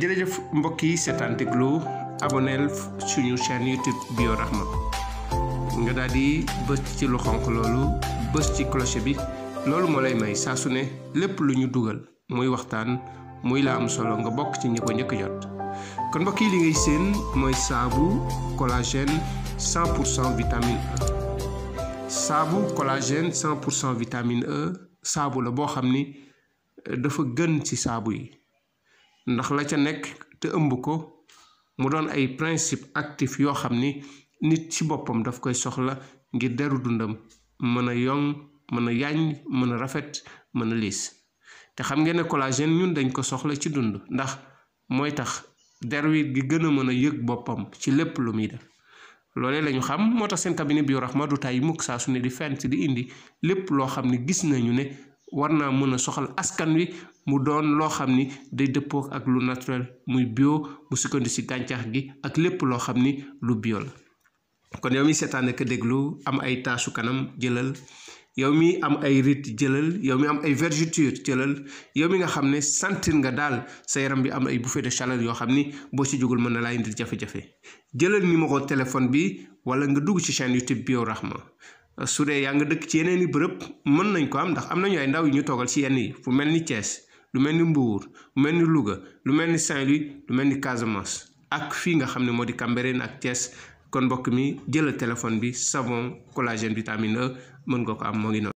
jërëjëf mbokk yi seetaan lu aboneel suñu chaîne YouTube Biorahma nga daal di bës ci lu xonq loolu bës ci cloche bi loolu moo lay may saasu ne lépp lu ñu dugal muy waxtaan muy la am solo nga bokk ci ñi ko njëkk jot kon mbokk yi li ngay seen mooy saabu collagène 100 pour cent vitamine e. saabu collagène 100 pour cent vitamine E saabu la boo xam ni dafa gën ci saabu yi. ndax la ca nekk te ëmb ko mu doon ay principe actif yoo xam ni nit ci boppam daf koy soxla ngir deru dundam mën a yoŋ mën a yaañ mën a rafet mën a liis te xam ngeen ne collagène ñun dañ ko soxla ci dund ndax mooy tax der wi gi gën a mën a yëg boppam ci lépp lu muy def loolee lañu xam moo tax seen cabinet Biorahma du tàyyi mukk saa su ne di fent di indi lépp loo xam ne gis nañu ne war naa mën a soxal askan wi mu doon loo xam ni day dëppook ak lu naturel muy bio mu sukkandi ci gàncax gi ak lépp loo xam ni lu bio kon yow mi seetaan ak déglu am ay taasu kanam jëlal yow mi am ay rit jëlal yow mi am ay vergeture jëlal yow mi nga xam ne sentir nga daal sa yaram bi am ay bouffée de chaleur yoo xam ni boo ci jógul mën na laa indil jafe-jafe jëlal numéro téléphone bi wala nga dugg ci chaîne YouTube Bio Rahma su dee yaa nga dëkk ci yeneen i bërëb mën nañ ko am ndax am nañu ay ndaw yu ñu toogal ci yenn yi fu mel ni Thiès lu mel ni mbuur lu mel ni Louga lu mel ni Saint-Louis lu mel ni Casamance ak fii nga xam ne moo di Cambérène ak Thiès kon mbokk mi jëlal téléphone bi savon collagène vitamine E mën nga ko am moo ngi noonu.